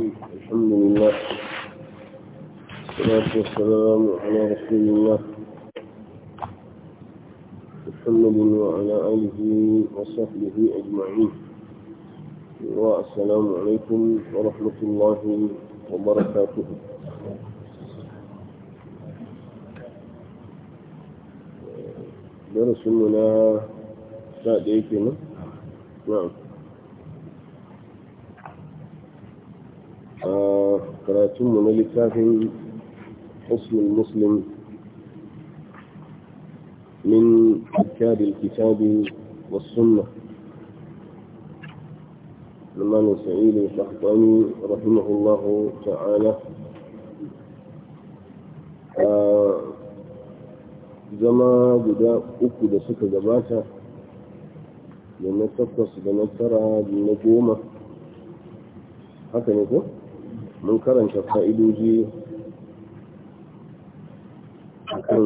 الحمد لله والصلاة والسلام على رسول الله محمد وعلى آله وصحبه أجمعين والسلام عليكم ورحمة الله وبركاته درسنا سادئتنا نعم قراءة مملكة حسن المسلم من أركاب الكتاب والسنة الامام سعيد الشخطاني رحمه الله تعالى آه، زما اكد أكو دسك جباتا لنتقص بنترى بنجومة حتى نقول mun karanta fa'idoji kan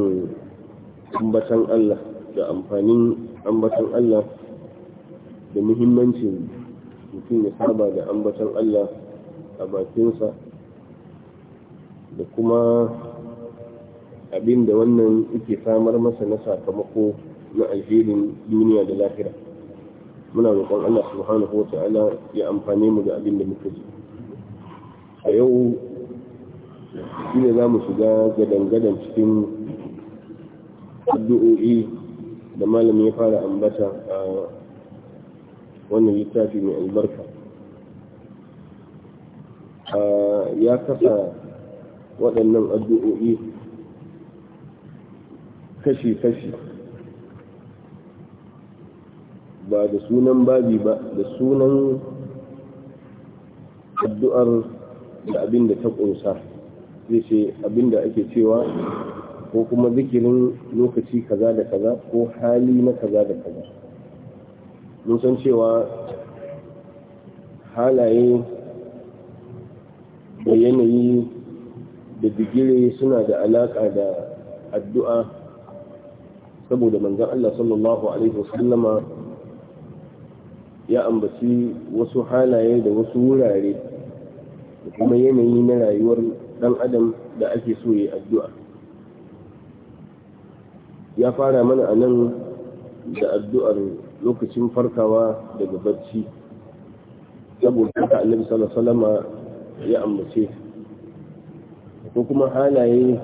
ambatan Allah da amfanin ambatan Allah da muhimmancin mutum ya saba da ambatan Allah a bakinsa da kuma abinda wannan yake samar masa na sakamako na alherin duniya da lahira muna roƙon Allah subhanahu wa ta'ala ya amfane mu da abin da muka ji a yau shi ne za mu shiga gadangadan cikin addu'o'i da malami ya fara ambata a wannan littafi mai albarka ya kasa waɗannan addu'o'i kashi-kashi ba da sunan babi ba da sunan addu'ar da abin da ta ƙunsa zai ce abin da ake cewa ko kuma zikirin lokaci kaza da kaza ko hali na kaza da kaza mun san cewa halaye da yanayi da digire suna da alaka da addu'a saboda manzan Allah sallallahu Alaihi wasallama ya ambaci wasu halaye da wasu wurare da kuma yanayi na rayuwar ɗan adam da ake so ya addu'a ya fara mana anan da addu'ar lokacin farkawa daga barci saboda haka annabi sallallahu ya ambace ko kuma halaye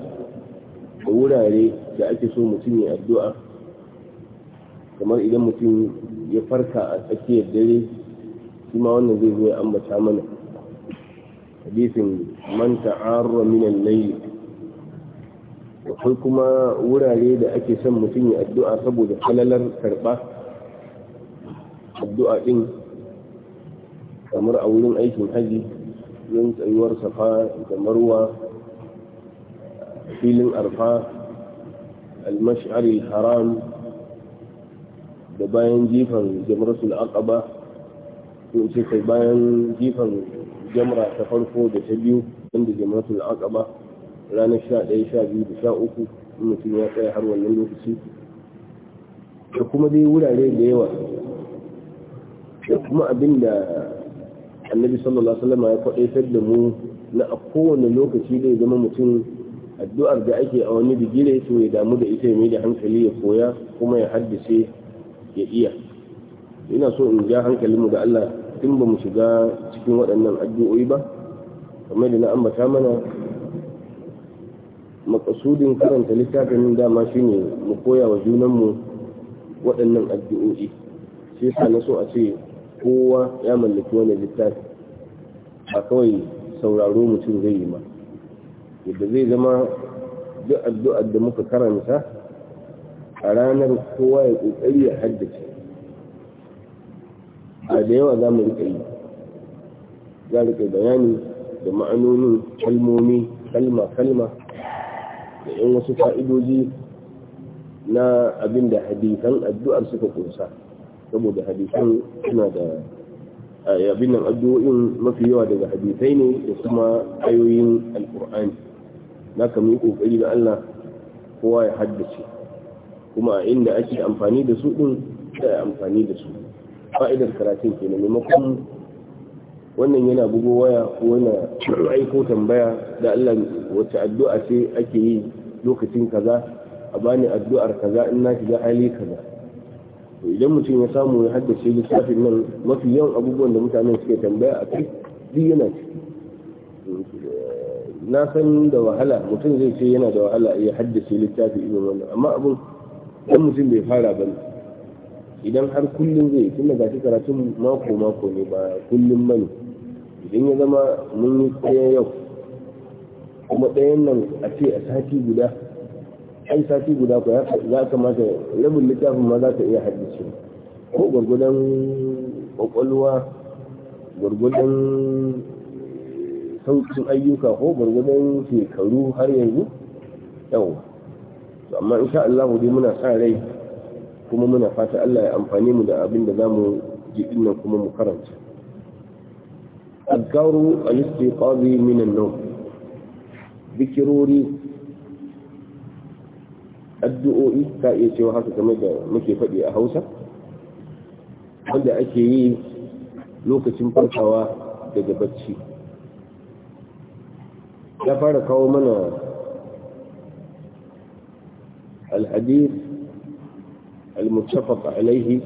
da wurare da ake so mutum ya addu'a kamar idan mutum ya farka a tsakiyar dare shi ma wannan zai zo ya ambata mana hadisin man ta'arra min al-layl akwai kuma wurare da ake son mutum ya addu'a saboda falalar karɓa addu'a ɗin kamar a wurin aikin haji don tsayuwar safa da marwa filin arfa almash'ari haram da bayan jifan jamratul aqaba ko kai bayan jifan jamra ta farko da ta biyu inda jamratul aqaba ranar sha ɗaya sha biyu da mutum ya tsaya har wannan lokaci da kuma dai wurare da yawa da kuma abinda annabi sallallahu alaihi wasallam ya faɗaitar da mu na a kowane lokaci dai zama mutum addu'ar da ake a wani bigire to ya damu da ita ya mai da hankali ya koya kuma ya haddace ya iya ina so in ja hankalinmu da Allah in ba mu shiga cikin waɗannan addu'o'i ba kamar da na ambata mana makasudin karanta littafin dama shine mu koya wa junanmu waɗannan addu'o'i shi sa na so a ce kowa ya mallaki wani littafi a kawai sauraro mutum zai yi ma yadda zai zama duk addu'ar da muka karanta a ranar kowa ya ƙoƙari ya haddace a da yawa za mu rika yi za rika bayani da ma'anonin kalmomi kalma kalma da yan wasu fa'idoji na abin da hadisan addu'ar suka kunsa saboda hadisan suna da abin nan addu'o'in mafi yawa daga hadisai ne da kuma ayoyin alkur'ani na kamun ƙoƙari da Allah kowa ya haddace kuma inda ake amfani da su din yi amfani da su fa'idar karatun ke maimakon wannan yana bugo waya ko wani aiko tambaya da Allah wacce addu'a ce ake yi lokacin kaza a bani addu'ar kaza in na shiga hali kaza idan mutum ya samu ya haddace lissafin nan mafi yawan abubuwan da mutanen suke tambaya a kai duk yana na san da wahala mutum zai ce yana da wahala ya haddace littafi irin wannan amma abun dan mutum bai fara ne idan har kullum zai tun da gashi karatun mako mako ne ba kullum bane idan ya zama mun yi tsaye yau kuma ɗayan nan a ce a sati guda ai sati guda ko ya kamata rabin littafin ma za ka iya haddace ko gwargwadon kwakwalwa gwargwadon sauƙin ayyuka ko gwargwadon shekaru har yanzu yau amma insha Allah dai muna sa rai kuma muna fata Allah ya amfani mu da abin da zamu ji dinnan kuma mu karanta azkaru al-istiqazi min an-nawm zikirori addu'o'i ka iya cewa haka kamar da muke faɗi a Hausa wanda ake yi lokacin farkawa daga bacci ya fara kawo mana al-hadith المتفق عليه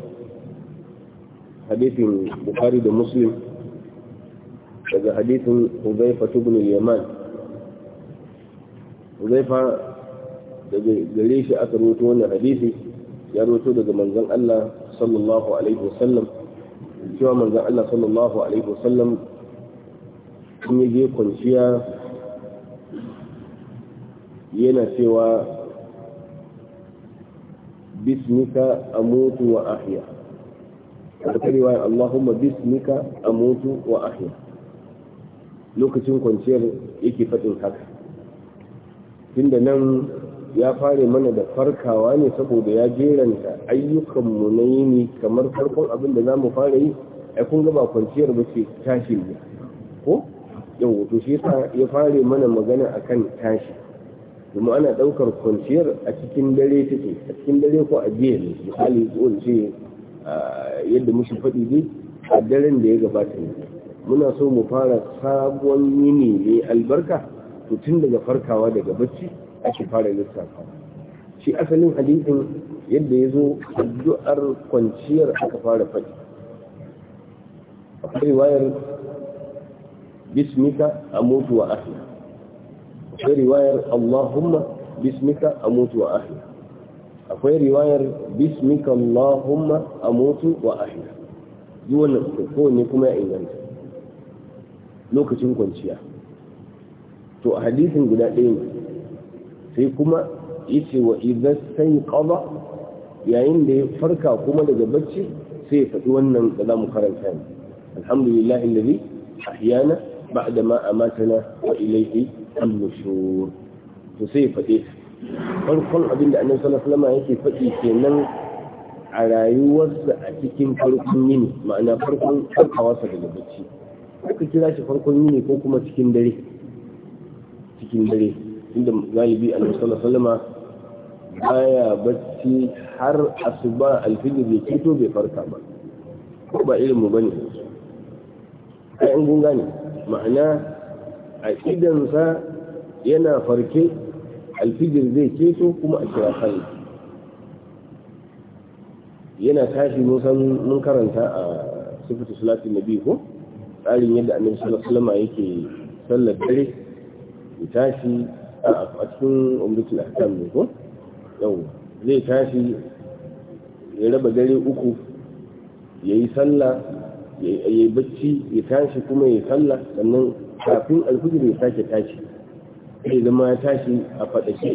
حديث البخاري ومسلم هذا حديث حذيفة بن اليمان حذيفة gare shi aka rubuto wannan hadisi ya rubuto daga manzon Allah sallallahu alaihi wasallam cewa manzon Allah sallallahu alaihi wasallam in yaje kwanciya yana cewa باسمك أموت وأحيا wata riwayar Allahumma bismika amutu wa ahya lokacin kwanciyar yake faɗin haka tunda nan ya fare mana da farkawa ne saboda ya jeranta ayyukanmu na ni kamar farkon abin da za mu fara yi ai kun gaba kwanciyar ba ce tashi ne ko yau to shi ya fare mana magana akan tashi kuma ana ɗaukar kwanciyar a cikin dare take a cikin dare ko a jiya ne misali ko ce yadda mushi faɗi ne a daren da ya gabata ne muna so mu fara sabon yini ne albarka to tun daga farkawa daga bacci ake fara lissafa shi asalin hadisin yadda ya zo addu'ar kwanciyar aka fara faɗi akwai wayar bismika a mutuwa ahli akwai riwayar Allahumma bismika amutu wa ahya akwai riwayar bismika Allahumma amutu wa ahya duk wannan kowanne kuma ya inganta lokacin kwanciya to a hadisin guda ɗaya sai kuma yace wa sai qaba yayin da ya farka kuma daga bacci sai ya faɗi wannan da zamu karanta ne alhamdulillahi alladhi ahyana ba'da ma amatana wa ilayhi al to sai faɗe farkon abin da annabi sallallahu alaihi wasallam yake faɗi kenan a rayuwarsa a cikin farkon yini ma'ana farkon sa daga bacci aka kira shi farkon yini ko kuma cikin dare cikin dare inda galibi annabi sallallahu alaihi wasallam baya bacci har asuba alfijir ya fito bai farka ba ko ba irin mu bane ai an gunga ne ma'ana a idansa yana farke alfijir zai keto kuma a kira sallah yana tashi mun san mun karanta a sifatu salatin nabi ko tsarin yadda annabi sallallahu alaihi wasallam yake sallar dare ya tashi a cikin umrul ahkam ne ko yau zai tashi ya raba dare uku yayi sallah ya bacci ya tashi kuma ya sallah sannan kafin alfijir ya sake tashi sai zama ya tashi a faɗake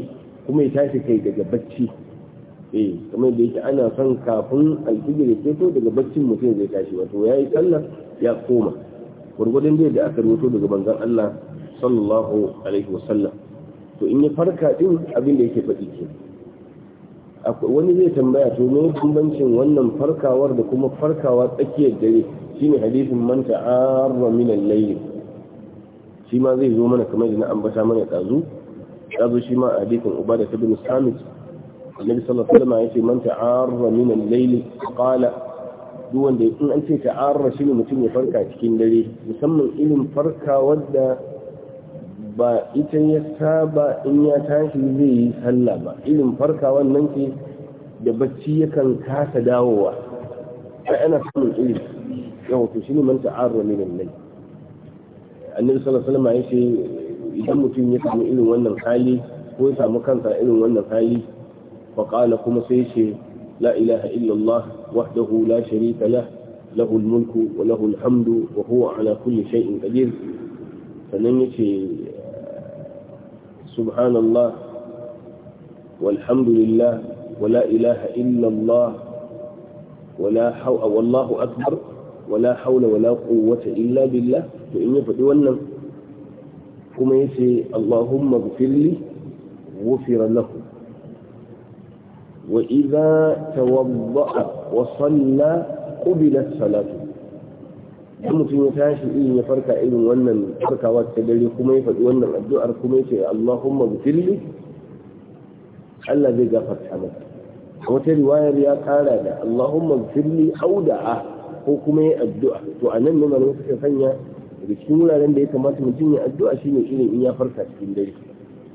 kuma ya tashi kai daga bacci eh kuma da yake ana son kafin alfijir ya fito daga baccin mutum zai tashi wato ya yi sallah ya koma gwargwadon da da aka rubuto daga bangan Allah sallallahu alaihi wasallam to in ya farka din abin da yake faɗi ke wani zai tambaya to me bambancin wannan farkawar da kuma farkawa tsakiyar dare shine hadisin man ta'arra min al-layl shi ma zai zo mana kamar da na ambata mana ɗazu ya zo shi ma a hadisin ubada ta bin samit annabi sallallahu alaihi wasallam yace man ta'arra min al-layl qala duk wanda in an ce ta'arra shi ne mutum ya farka cikin dare musamman ilin farka wanda ba ita ya saba in ya tashi zai yi sallah ba irin farka wannan ke da bacci yakan kasa dawowa sai ana samun irin yau to shi ne man ta'arra min al-layl annabi sallallahu alaihi wasallam ya ce idan mutum ya samu irin wannan hali ko ya samu kansa irin wannan hali fa qala kuma sai ce la ilaha illa Allah wahdahu la sharika lah lahu mulku wa lahu al-hamdu wa huwa ala kulli shay'in qadir sannan yace subhanallah walhamdulillah wa la illa Allah ولا حول والله أكبر wala haula wala quwwata illa billah to in ya faɗi wannan kuma yace Allahumma ighfirli ghufira lahu wa idza tawadda'a wa salla qubilat salatu ya tashi irin ya farka irin wannan farkawa ta dare kuma ya faɗi wannan addu'ar kuma yace Allahumma ighfirli Allah zai gafarta maka wata riwayar ya ƙara da Allahumma hau da a. ko kuma ya addu'a to a nan ne malamai suka sanya daga cikin wuraren da ya kamata mutum ya addu'a shine irin in ya farka cikin dare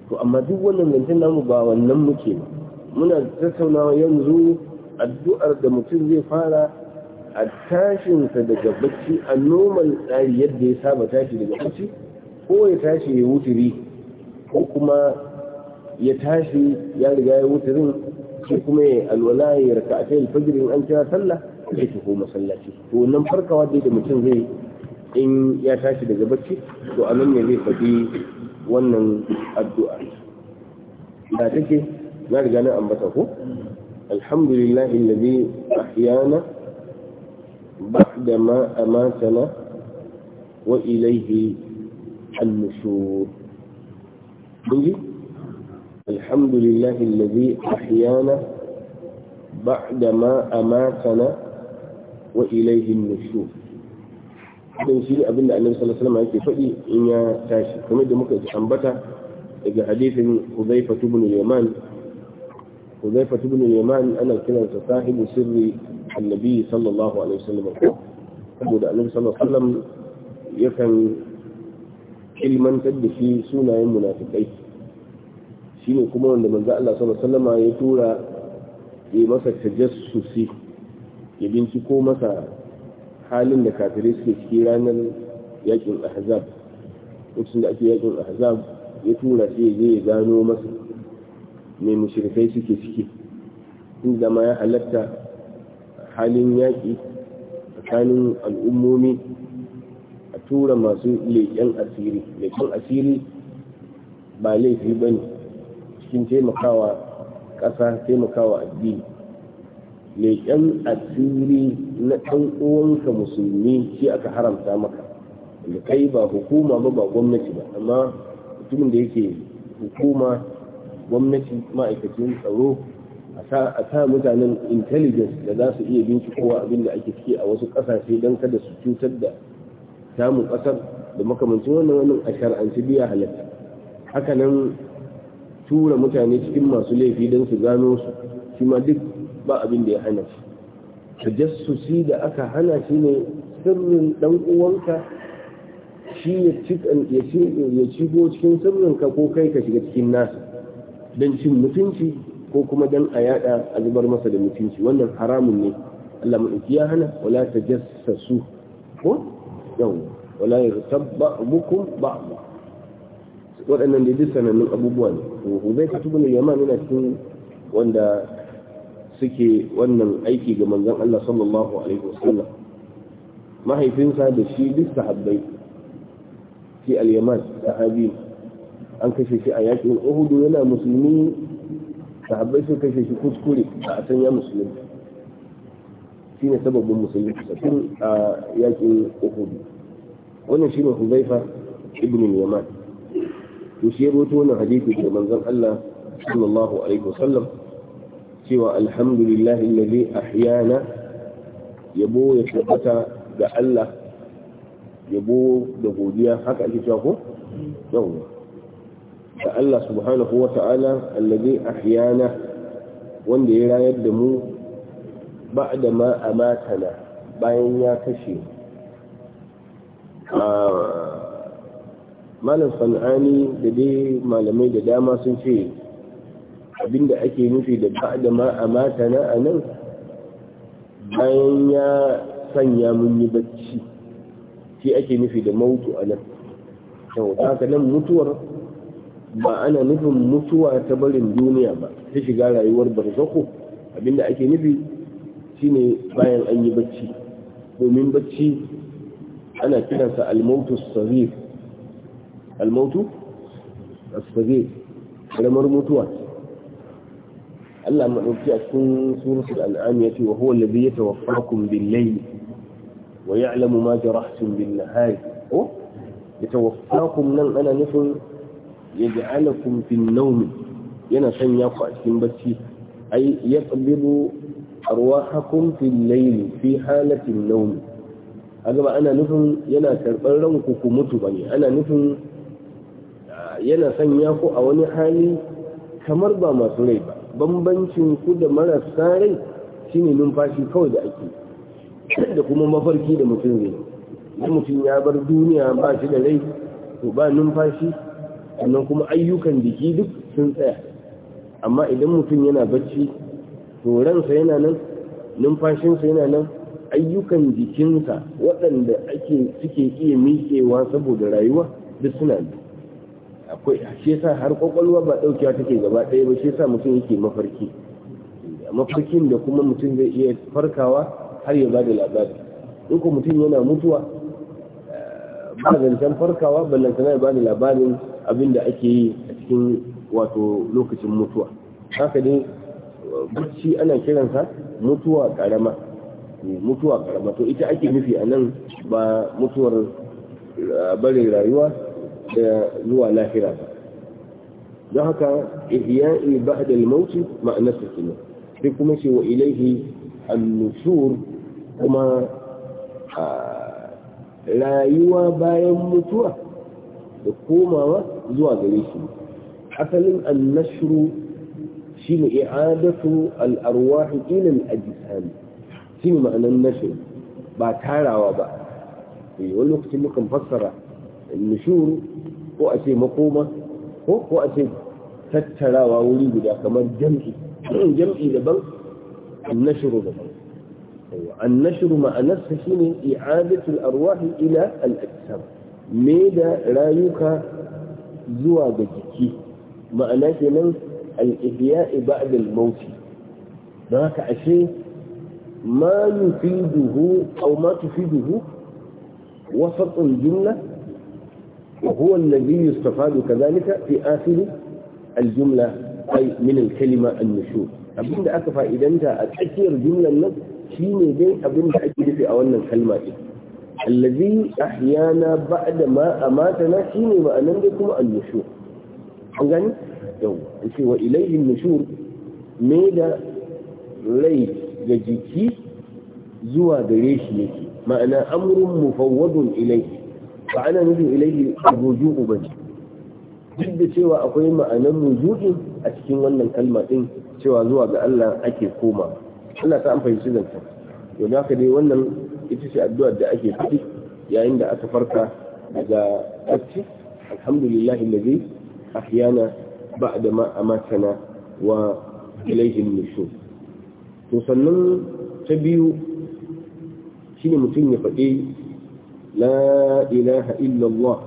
to amma duk wannan mutum namu ba wannan muke ba muna tattaunawa yanzu addu'ar da mutum zai fara a tashinsa daga bacci a normal tsari yadda ya saba tashi daga bacci ko ya tashi ya wuturi ko kuma ya tashi ya riga ya wuturin ko kuma ya alwala ya raka a ta alfajirin an kira sallah zai taho masallaci to nan farkawa dai da mutum zai in ya tashi daga bacci to a nan ne zai faɗi wannan addu'a da take na riga na ambata ko alhamdulillah alladhi ahyana ba'da ma amatana wa ilayhi an-nushur الحمد لله الذي أحيانا بعدما أماتنا wa ilaihin nushu don shi abinda annabi sallallahu alaihi yake faɗi in ya tashi kamar da muka ambata daga hadisin Hudhaifa ibn yaman Hudhaifa ibn yaman ana kiransa sahibu sirri annabi sallallahu alaihi wasallam saboda annabi sallallahu alaihi wasallam yakan ilmantar da shi sunayen munafikai shine kuma wanda manzo Allah sallallahu alaihi wasallam ya tura yi masa tajassusi ya binciko masa halin da kafirai suke ciki ranar yakin ahzab lokacin da ake yakin ahzab ya tura sai zai ya gano masa mai mushrikai suke ciki inda ma ya halatta halin yaki tsakanin al'ummomi a tura masu leƙen asiri leƙen asiri ba laifi ba ne cikin taimakawa ƙasa taimakawa addini leƙen asiri na ɗan uwanka musulmi shi aka haramta maka da kai ba hukuma ba ba gwamnati ba amma mutumin da yake hukuma gwamnati ma'aikacin tsaro a sa mutanen intelligence da za su iya bincikowa abin da ake ciki a wasu ƙasashe don kada su cutar da samun ƙasar da makamancin wannan wannan a shar'anci biya halatta hakanan tura mutane cikin masu laifi don su gano su shi ma duk ba abin da ya hana shi tajassusi da aka hana shi ne sirrin dan uwanka shi ya shigo cikin ka ko kai ka shiga cikin nasa don cin mutunci ko kuma don a yada a zubar masa da mutunci wannan haramun ne Allah mu ya hana wala ta jassasu ko yau wala ya tabba bukun ba waɗannan da duk sanannun abubuwa ne zai ka tubu ne yamma yana cikin wanda suke wannan aiki ga manzan Allah sallallahu alaihi wasallam mahaifinsa da shi duk sahabbai shi al-yaman sahabi an kashe shi a yakin Uhud yana musulmi sahabbai sun kashe shi kuskure a san ya musulmi shine sababin musulmi tun a yakin Uhud wannan shi ne Huzaifa ibn al-Yaman to shi ya rawaito wannan hadisi ga manzon Allah sallallahu alaihi wasallam cewa alhamdulillah alladhi ahyana yabo ya tabbata ga Allah yabo da godiya haka ake cewa ko yawa da Allah subhanahu wa ta'ala alladhi ahyana wanda ya rayar da mu ba'da ma amatana bayan ya kashe ah, malam san'ani da dai malamai da dama sun ce abinda ake nufi da ba'da ma amata na nan, bayan ya sanya mun yi bacci shi ake nufi da mautu a nan yau haka nan mutuwar ba ana nufin mutuwa ta barin duniya ba ta shiga rayuwar barzako abinda ake nufi shi ne bayan an yi bacci domin bacci ana kiransa almautu sarif almautu sarir ƙaramar mutuwa Allah maɗauki a cikin suratul al'am ya ce wa huwa alladhi yatawaffakum bil-layli wa ya'lamu ma jarahtum bin-nahari ko yatawaffakum nan ana nufin ya yaj'alakum fin-nawm yana sanya ku a cikin bacci ay yaqbidu arwahakum fil-layli fi halatin nawm kaga gaba ana nufin yana karɓar ranku ku mutu bane ana nufin ah, yana sanya ku a wani hali kamar ba masu rai ba bambancin ku da marasa rai shine numfashi kawai da ake da kuma mafarki da mutum zai idan mutum ya bar duniya ba shi da rai to ba numfashi sannan kuma ayyukan jiki duk sun tsaya amma idan mutum yana bacci to ransa yana nan numfashinsa yana nan ayyukan jikinsa waɗanda suke iya miƙewa saboda rayuwa duk suna da. akwai shi yasa har kwakwalwa ba daukewa take gaba ɗaya ba shi yasa mutum yake mafarki mafarkin da kuma mutum zai iya farkawa har ya bada labari in ko mutum yana mutuwa eh, ba zancen farkawa ballantana ya bada labarin abin da ake yi a cikin wato lokacin mutuwa haka ne bacci ana kiransa mutuwa karama eh, mutuwa karama to ita ake nufi a nan ba mutuwar eh, barin rayuwa zuwa lahira ba don haka ihya'i ba'dal mauti ma'anarsa kenan sai kuma shi wa ilaihi an-nushur kuma rayuwa bayan mutuwa da komawa zuwa gare shi asalin annashru shine i'adatu al-arwah ila al-ajsam shine ma'anar nashr ba tarawa ba wani lokacin mukan fassara nishuru ko a ce makoma ko ko a ce tattarawa wuri guda kamar jam'i jam'i daban annashuru daban annashuru ma'anarsa shine i'adatul arwahi ila al me da rayuka zuwa ga jiki ma'ana kenan al-ihya'i ba'da al Ba ka ashe ما يفيده أو ما تفيده وسط وهو الذي يستفاد كذلك في آخر fili aljumla. من الكلمة النشور abin da aka fa'idanta a tsakiyar jumlan nan shine ne dai abin ake nufi a wannan kalma ɗin allazi ahyana ba'da ma amatana shi ne ma'anan dai kuma annushur an gani yau ce wa ilayhin nushur me da rai ga jiki zuwa gare shi yake ma'ana amrun mufawwadun ilayhi ba ana nufin ilaihi ruju'u ba duk da cewa akwai ma'anar ruju'in a cikin wannan kalma din cewa zuwa ga Allah ake koma Allah ta amfani shi zanta to da dai wannan ita ce addu'a da ake faɗi yayin da aka farka daga bacci alhamdulillah alladhi ahyana ba'da ma amatana wa ilaihi nushur to sannan ta biyu shine mutum ya faɗi لا إله إلا الله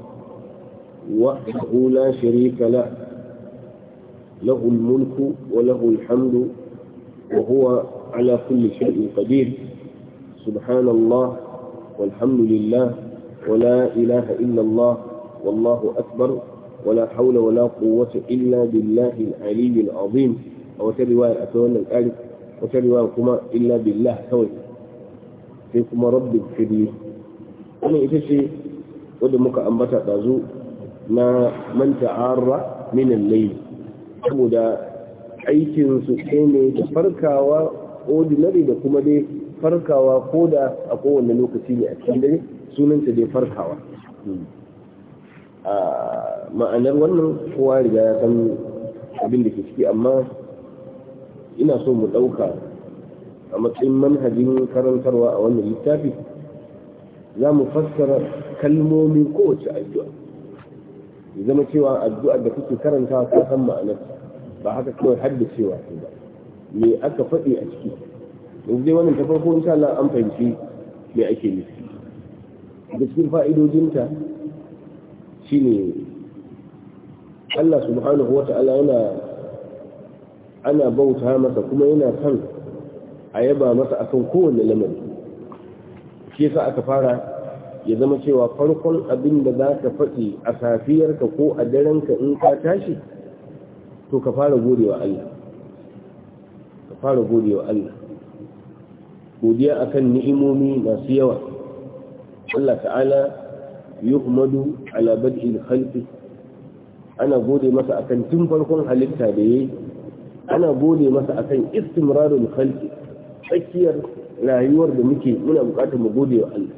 وحده لا شريك له له الملك وله الحمد وهو على كل شيء قدير سبحان الله والحمد لله ولا إله إلا الله والله أكبر ولا حول ولا قوة إلا بالله العلي العظيم أو ترواية أتولى الآلف وترواية كما إلا بالله كوي فيكم رب الكبير wannan ita ce wadda muka ambata ɗazu na manta arra minan laili saboda aikinsu ɗaya ne da farkawa ordinary da kuma dai farkawa ko da a kowane lokaci ne a cikin dare sunanta dai farkawa a ma'anar wannan kowa riga ya san abin da ke ciki amma ina so mu ɗauka a matsayin manhajin karantarwa a wannan littafi za mu fassara kalmomin kowace addu'a ya zama cewa addu'ar da kuke karanta ta san ma'anar ba haka kawai haddacewa ce ba me aka faɗi a ciki yanzu dai wannan ta farko insha Allah an fahimci me ake nufi da cikin fa'idojinta shine Allah subhanahu wa ta'ala yana ana bauta masa kuma yana kan a yaba masa akan kowane lamari shi yasa aka fara ya zama cewa farkon abin da za ka faɗi a safiyarka ko a darenka in ka tashi to ka fara godewa Allah ka fara godewa Allah godiya akan ni'imomi masu yawa Allah ta'ala yuhmadu ala bad'il khalqi ana gode masa akan tun farkon halitta da yayi ana gode masa akan istimrarul khalqi tsakiyar rayuwar da muke muna bukatar mu gode wa Allah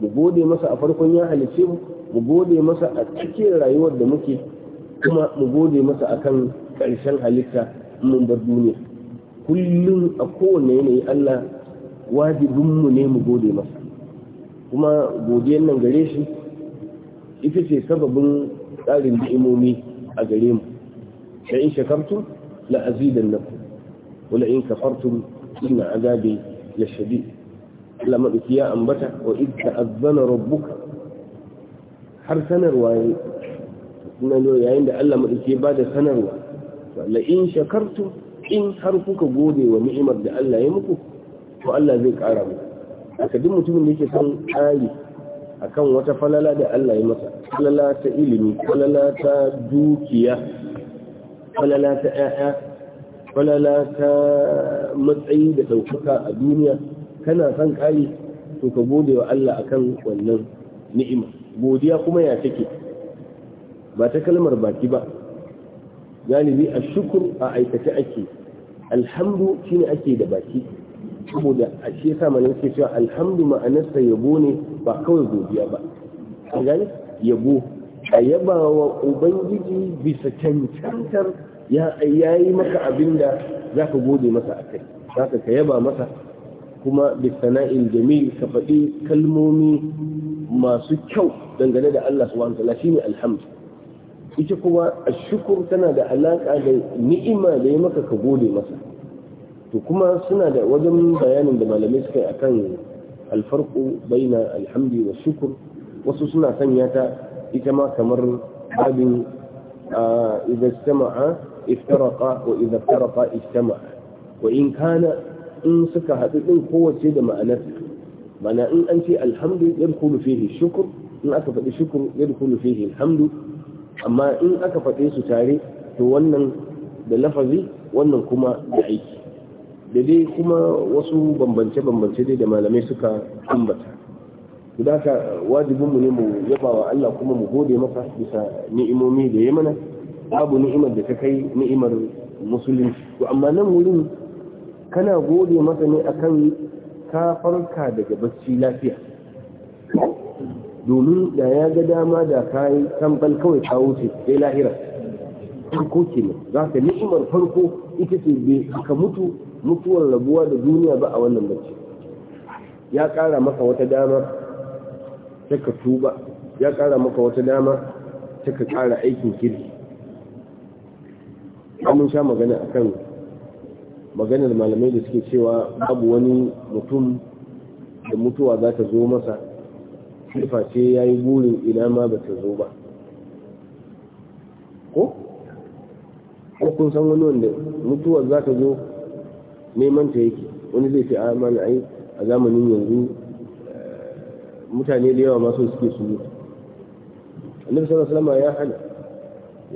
mu gode masa a farkon ya halice mu mu gode masa a cikin rayuwar da muke kuma mu gode masa akan karshen halitta mun bar duniya kullum a kowane yanayi Allah mu ne mu gode masa kuma godiyan nan gare shi ita ce sababin tsarin ni'imomi a gare mu Sai in shakartum la azidannakum wala in kafartum inna azabi ya shabi Allah madauki ya ambata wa idda azzana rabbuka har sanarwa ne kuma yayin da Allah madauki ya bada sanarwa la in shakartu, in har kuka gode wa ni'imar da Allah ya muku to Allah zai kara muku aka duk mutumin da yake son kari akan wata falala da Allah ya masa falala ta ilimi falala ta dukiya falala ta 'ya'ya falala ta matsayi da ɗaukaka a duniya kana son ƙari to ka gode wa Allah akan wannan ni'ima godiya kuma ya take ba ta kalmar baki ba galibi a shukur a aikace ake alhamdu ne ake da baki saboda a shi yasa malam ke cewa alhamdu ma'anarsa yabo ne ba kawai godiya ba an yabo a yaba wa ubangiji bisa cancantar ya yi maka abin da za ka gode masa a kai za ka yaba masa kuma bisana'in jamil ka faɗi kalmomi masu kyau dangane da Allah subhanahu wa ta'ala shine alhamdu ita kuma ashkur tana da alaka da ni'ima da ya maka ka gode masa to kuma suna da wajen bayanin da malamai suka yi akan alfarqu baina alhamdi wa shukr wasu suna sanya ta ita ma kamar babin idza sama'a. افترقا وإذا افترقا اجتمعا وإن كان إن سكا هتدن قوة سيدة معناته معنى إن أنت الحمد يدخل فيه الشكر إن أكفت الشكر يدخل فيه الحمد أما إن أكفت إيسو تاري تونن بلفظي wannan kuma da aiki da dai kuma wasu bambance-bambance dai da malamai suka ambata da haka wajibinmu ne mu yaba wa Allah kuma mu gode masa bisa ni'imomi da ya mana babu ni'imar da ta kai ni'imar musulunci to amma nan wurin kana gode masa ne akan ka farka daga bacci lafiya domin da ya ga dama da ka yi tambal kawai ka wuce sai lahira farko ne za ka ni'imar farko ita ce bai ka mutu mutuwar rabuwa da duniya ba a wannan bacci ya kara maka wata dama ta ka tuba ya kara maka wata dama ta ka kara aikin kirki mun sha magana a kan maganar malamai da suke cewa babu wani mutum da mutuwa za ta zo masa sifa ce ya yi burin ina ma ba ta zo ba ko? ko kun san wani wanda mutuwar za ta zo neman ta yake wani zai fi amana ai a zamanin yanzu eh, mutane da yawa masu suke su mutu annabi sallallahu alaihi wasallam ya hana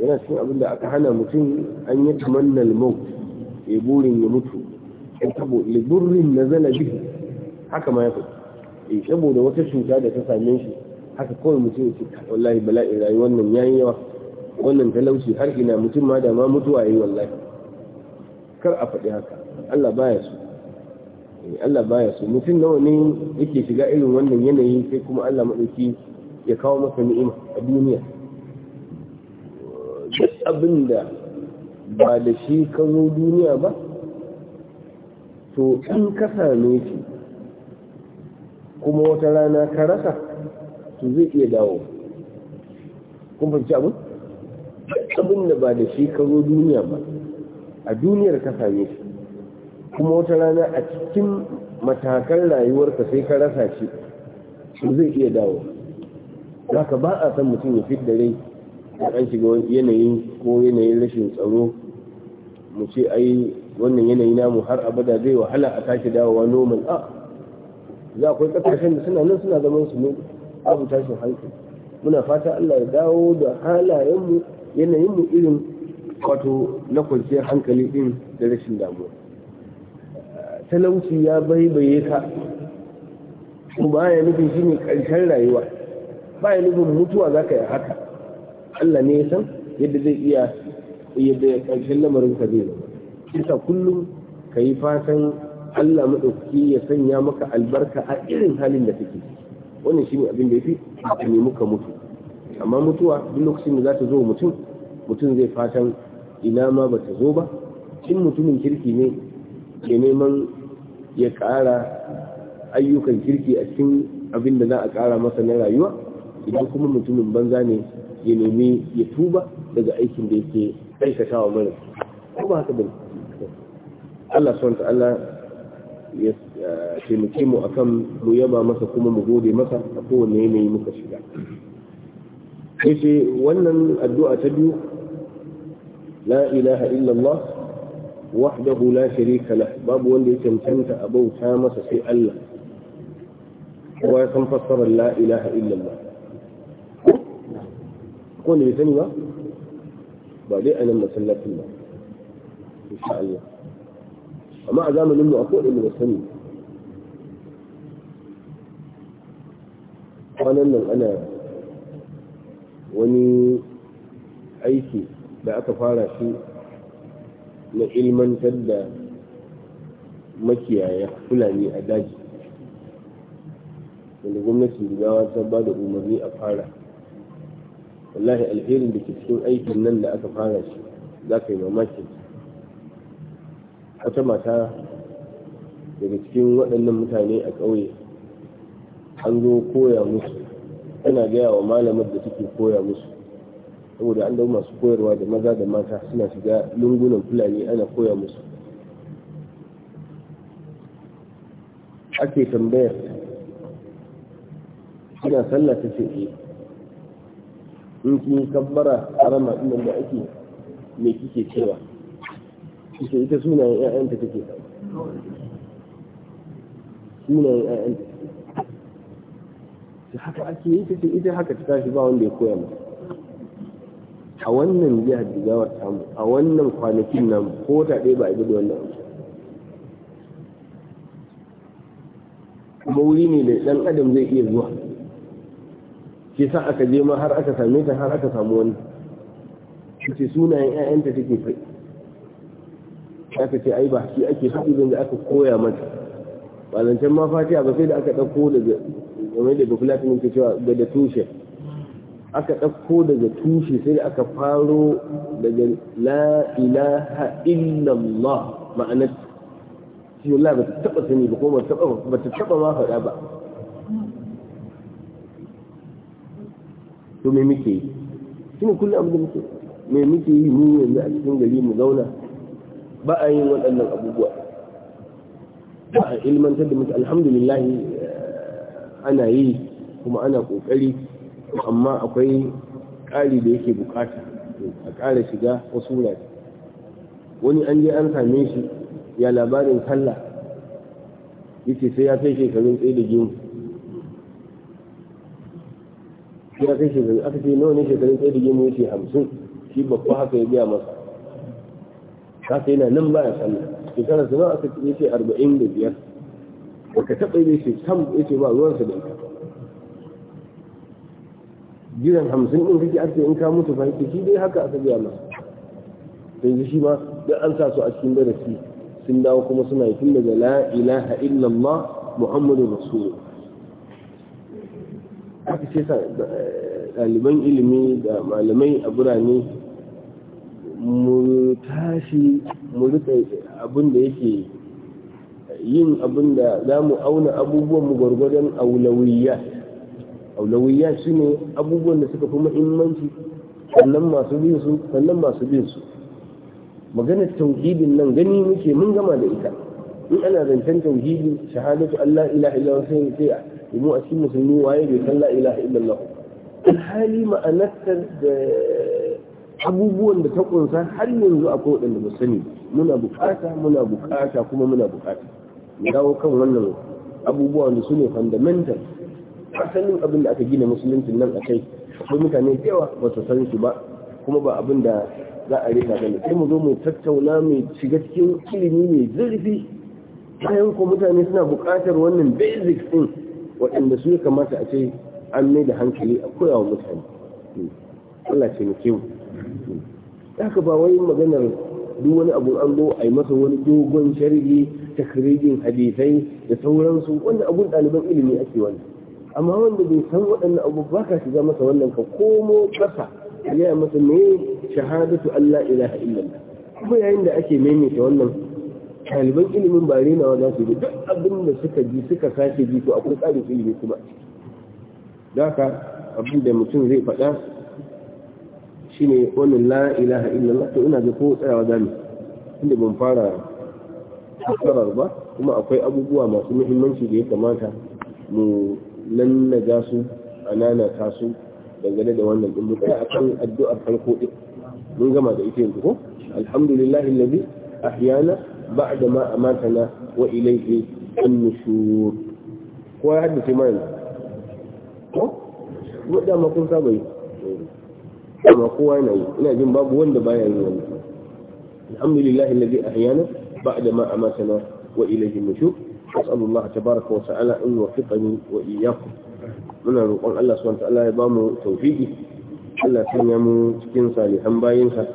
yana cikin abin da aka hana mutum an yi tamannal maut ya burin ya mutu in tabo burin na zana bihi haka ma ya faɗi eh saboda wata cuta da ta same shi haka kawai mutum ya ce wallahi bala'i rayu wannan yayi yawa wannan talauci har ina mutum ma da ma mutuwa yayi wallahi kar a faɗi haka Allah baya so eh, Allah baya so mutum nawa ne yake shiga irin wannan yanayi sai kuma Allah madauki ya kawo masa ni'ima a duniya abin da ba da shi ka zo duniya ba to in ka same shi kuma wata rana ka rasa to zai iya dawo kun fahimci abin abin da ba da shi ka zo duniya ba a duniyar ka same shi kuma wata rana a cikin matakan rayuwarka sai ka rasa shi to zai iya dawo za ka ba a san mutum ya fit da rai da an shiga yanayin ko yanayin rashin tsaro mu ce ai wannan yanayi namu har abada zai wahala a tashi dawowa noman a za akwai kasashen da suna nan suna zaman su ne abu tashin hankali muna fata Allah ya dawo da halayenmu yanayinmu irin kwato na kwanciyar hankali din da rashin damuwa talauci ya baibaye ka kuma ya nufin ne karshen rayuwa ba ya nufin mutuwa za ka yi haka Allah ne ya san yadda zai iya yadda ƙarshen lamarin ka zai zama kisa kullum ka yi fatan Allah maɗauki ya sanya maka albarka a irin halin da kake wannan shine abin da yafi a nemi ka mutu amma mutuwa duk lokacin da za ta zo mutum mutum zai fatan ina ma ba ta zo ba shin mutumin kirki ne ke neman ya ƙara ayyukan kirki a cikin abin da za a ƙara masa na rayuwa idan kuma mutumin banza ne ya nemi ya tuba daga aikin da yake aikatawa mana ko ba haka bane Allah subhanahu ta'ala ya taimake mu akan mu yaba masa kuma mu gode masa a kowane yanayi muka shiga sai wannan addu'a ta biyu la ilaha allah wahdahu la sharika lah babu wanda ya cancanta a bauta masa sai Allah kowa ya san fassarar la ilaha allah. ko ne bai sani ba ba dai a nan masallacin ba insha Allah amma a zamanin mu akwai wanda ba sani kwanan nan ana wani aiki da aka fara shi na ilmantar da makiyaya fulani a daji wanda gwamnatin jigawa ta ba da umarni a fara wallahi alherin da ke cikin aikin nan da aka fara shi za ka yi mamaki wata mata daga cikin waɗannan mutane a ƙauye an zo koya musu tana gaya wa malamar da take koya musu saboda an dau masu koyarwa da maza da mata suna shiga lungunan fulani ana koya musu ake tambayar suna sallah ta ce eh. in kin kabbara harama din da ake me kike cewa ita ita sunayen ƴaƴan ta take sunayen ƴaƴan ta ta haka ake yi tace ita haka ta tashi ba wanda ya koya mu a wannan jihar Jigawar samu a wannan kwanakin nan ko ta ɗaya ba a gudu wannan abu kuma wuri ne da ɗan adam zai iya zuwa ke sa aka je ma har aka same ta har aka samu wani ce sunayen ƴaƴanta take fai aka ce ai ba shi ake faɗi da aka koya mata ba zancen ma fatiha ba sai da aka ɗauko daga game da bafulatin yake cewa ga da tushe aka ɗauko daga tushe sai da aka faro daga la ilaha illallah ma'anar shi Allah ba ta taɓa sani ba ko ba ta taɓa ma faɗa ba to me muke yi shine kullum abin da muke me muke yi mu yanzu a cikin gari mu zauna ba a yin waɗannan abubuwa ba a ilmantar da mutu alhamdulillah eh, ana yi kuma ana ƙoƙari amma akwai ƙari da yake bukata a ƙara shiga wasu wurare wani an je an same shi ya labarin kalla yake sai ya kai shekarun tsaye da gemu ya kai shekaru aka ce nawa ne shekarun sai da gemu ya ce hamsin shi babba haka ya gaya masa haka yana nan baya sannan shekara su nawa aka ce arba'in da biyar da ka taɓa yi shi sam ya ce ba ruwansa da ita jiran hamsin ɗin kake ake in ka mutu fahimta shi dai haka aka gaya masa sai zai shi ma duk an sa su a cikin darasi sun dawo kuma suna yi tun daga la ilaha illallah muhammadu rasulullah haka ce eh, ɗaliban ilimi da malamai a birane mu tashi mu rika abin da yake yin abin da za mu auna abubuwan mu gwargwadon aulawiyya aulawiyya shi ne abubuwan da suka fi muhimmanci sannan masu bin su sannan masu bin su maganar tauhidin nan gani muke mun gama da ita in ana zancen tauhidi shahadatu Allah ilaha illallah sai mu a cikin musulmi waye bai san la ilaha illallah hali ma'anarta da abubuwan da ta kunsa har yanzu akwai waɗanda ba sani muna bukata muna bukata kuma muna bukata mu dawo kan wannan abubuwa da su ne fundamental asalin abin da aka gina musulunci nan a kai akwai mutane da yawa ba su san su ba kuma ba abin da za a rika gani sai mu zo mu tattauna mai shiga cikin ilimi mai zurfi bayan ko mutane suna buƙatar wannan basic din waɗanda su ya kamata a ce an mai da hankali a koyawa mutane Allah ce muke mu haka ba wai maganar duk wani abu an zo a yi masa wani dogon sharhi takrijin hadisai da sauransu wanda abun ɗaliban ilimi ake wani amma wanda bai san waɗannan abu ba ka shiga masa wannan ka komo ƙasa ya masa me shahadatu Allah ilaha illallah kuma yayin da ake maimaita wannan ɗaliban ilimin ba renawa za su yi duk abin da suka ji suka sake ji to akwai tsarin ilimi kuma daga abin da mutum zai faɗa shi ne wani la'ilaha illallah to ina ga ko tsayawa wajen inda ban fara tsarar ba kuma akwai abubuwa masu muhimmanci da ya kamata mu za su a nanata su dangane da wannan ɗin mutum a kan addu'ar farko ɗin mun gama da ita yanzu ko alhamdulillahi lalabi ahyana بعد ما أماتنا وإليه النشور هو هذا كمان وده ما كنت أبي كما قوة أنا إنا جنباب وند بايا الحمد لله الذي أحيانا بعد ما أماتنا وإليه النشور أسأل الله تبارك وتعالى أن يوفقني وإياكم من roƙon Allah subhanahu wa ta'ala ya bamu tawfiki Allah ya sanya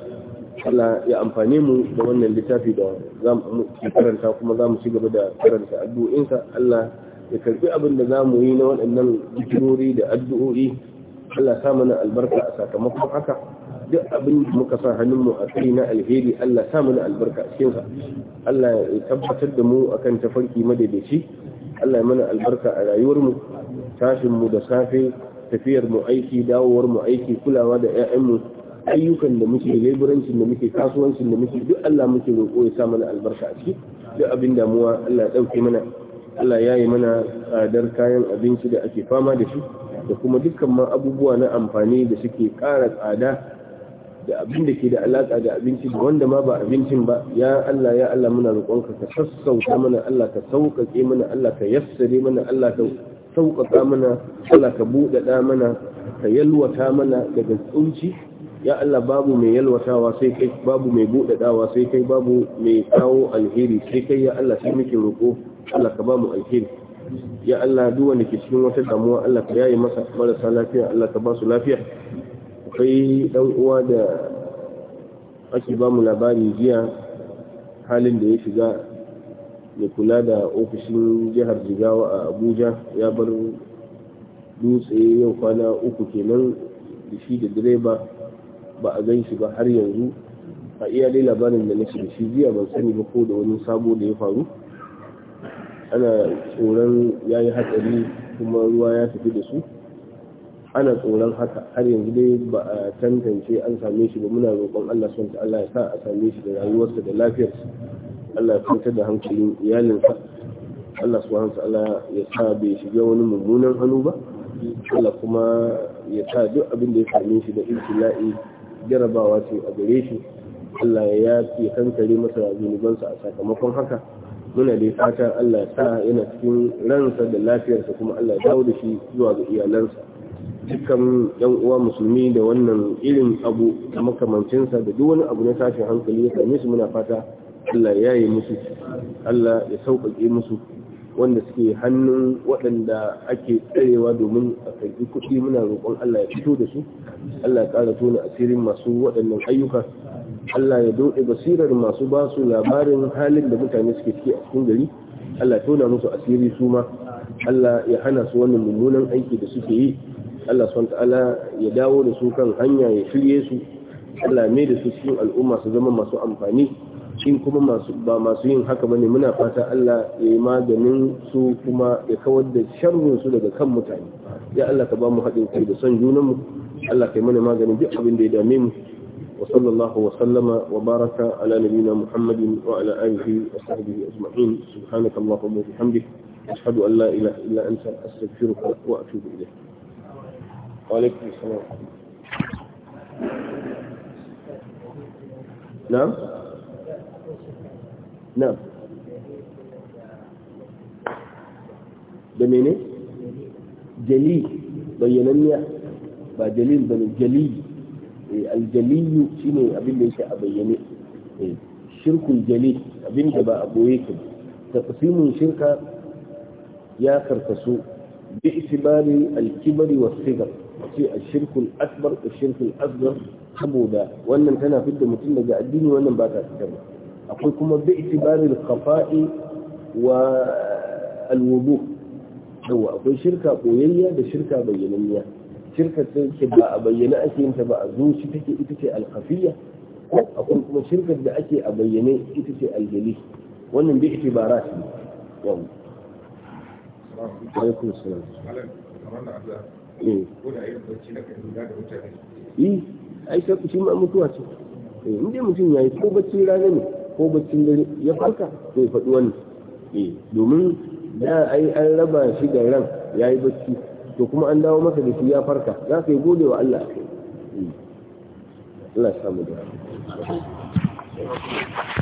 Allah ya amfane mu da wannan littafi da za mu karanta kuma za mu ci gaba da karanta addu'o'insa Allah ya karbi abin da za mu yi na waɗannan zikirori da addu'o'i Allah sa mana albarka a sakamakon haka duk abin da muka sa hannunmu a kai na alheri Allah sa mana albarka a cikinsa Allah ya tabbatar da mu akan tafarki madaidaici Allah ya mana albarka a rayuwarmu tashinmu da safe tafiyar mu aiki dawowar mu aiki kulawa da 'ya'yanmu ayyukan da muke laburancin da muke kasuwancin da muke duk Allah muke roƙo ya sa mana albarka a ciki duk abin damuwa Allah ɗauke mana Allah ya yi mana tsadar kayan abinci da ake fama da shi da kuma dukkan ma abubuwa na amfani da suke ƙara tsada da abin da ke da alaƙa da abinci da wanda ma ba abincin ba ya Allah ya Allah muna roƙonka ka sassauta mana Allah ka sauƙaƙe mana Allah ka yassare mana Allah ka sauƙaƙa mana Allah ka buɗaɗa mana ka yalwata mana daga tsunci ya Allah babu mai yalwatawa sai kai babu mai buɗaɗawa sai kai babu mai kawo alheri sai kai ya Allah sai muke roƙo Allah ka bamu alheri ya Allah duk wanda ke cikin wata damuwa Allah ka yayi masa marasa lafiya Allah ka ba su lafiya kai dan uwa da ake bamu mu labari jiya halin da ya shiga mai kula da ofishin jihar Jigawa a Abuja ya bar dutse yau kwana uku kenan da shi da direba ba a gan shi ba har yanzu a iya dai labarin da nake da shi jiya ban sani ba ko da wani sabo da ya faru ana tsoron ya yi hatsari kuma ruwa ya tafi da su ana tsoron haka har yanzu dai ba a tantance an same shi ba muna roƙon Allah son ta Allah ya sa a same shi da rayuwarsa da lafiyarsa Allah ya kwantar da hankalin iyalinsa Allah su wa allah ya sa bai shiga wani mummunan hannu ba Allah kuma ya sa duk abin da ya same shi da ibtila'i jarabawa ce a gare shi Allah ya yafi kankare masa zunubansa a sakamakon haka muna da fatan Allah sa yana cikin ransa da lafiyarsa kuma Allah ya dawo da shi zuwa ga iyalansa dukkan yan uwa musulmi da wannan irin abu da makamancinsa da duk wani abu na tashin hankali ya same su muna fata Allah ya yi musu Allah ya sauƙaƙe musu wanda suke hannun waɗanda ake tsarewa domin a karɓi kuɗi muna roƙon Allah ya fito da su Allah ya ƙara tona asirin masu waɗannan ayyuka Allah ya doɗe basirar masu ba su labarin halin da mutane suke ciki a cikin gari Allah ya tona musu asiri su ma Allah ya hana su wannan mummunan aiki da suke yi Allah subhanahu ta'ala ya dawo da su kan hanya ya shirye su Allah mai da su cikin al'umma su zama masu amfani shi kuma ba masu yin haka bane muna fata Allah ya yi maganin su kuma ya kawar da sharrin su daga kan mutane ya Allah ka ba mu haɗin kai da son junan mu Allah ka yi mana maganin duk abin da ya dame mu wa sallallahu wa sallama wa baraka ala nabiyina Muhammadin wa ala alihi wa sahbihi ajma'in subhanaka allahumma wa bihamdik ashhadu an la ilaha illa anta astaghfiruka wa atubu ilayk wa alaikum assalam na'am na da mene jali bayyananniya ba jalil ba ne jali eh, aljaliyu shine abin da yake a bayyane eh, shirkun jali abin da ba a boye ke taqsimun shirka ya karkasu bi itibari alkibari was sigar ce ashirkul akbar ashirkul asghar saboda wannan tana fidda mutum daga addini wannan ba ta fitar akwai kuma bi الخفاء والوضوح wa أقول شركة akwai shirka koyayya da shirka bayyananniya أكي ta ke ba a bayyana ake yin ba a zuci ita ce alkhafiya akwai kuma shirkar da ake a bayyane ita ce aljali wannan ne eh. eh ai sai ku shi ma mutuwa ce eh, in dai mutum yayi ko bacci rana ne ko baccin dare ya farka zai faɗi wani eh domin da ai an raba shi da ran yayi bacci to kuma an dawo masa da shi ya farka za ka yi gode wa Allah hmm. Allah ya samu da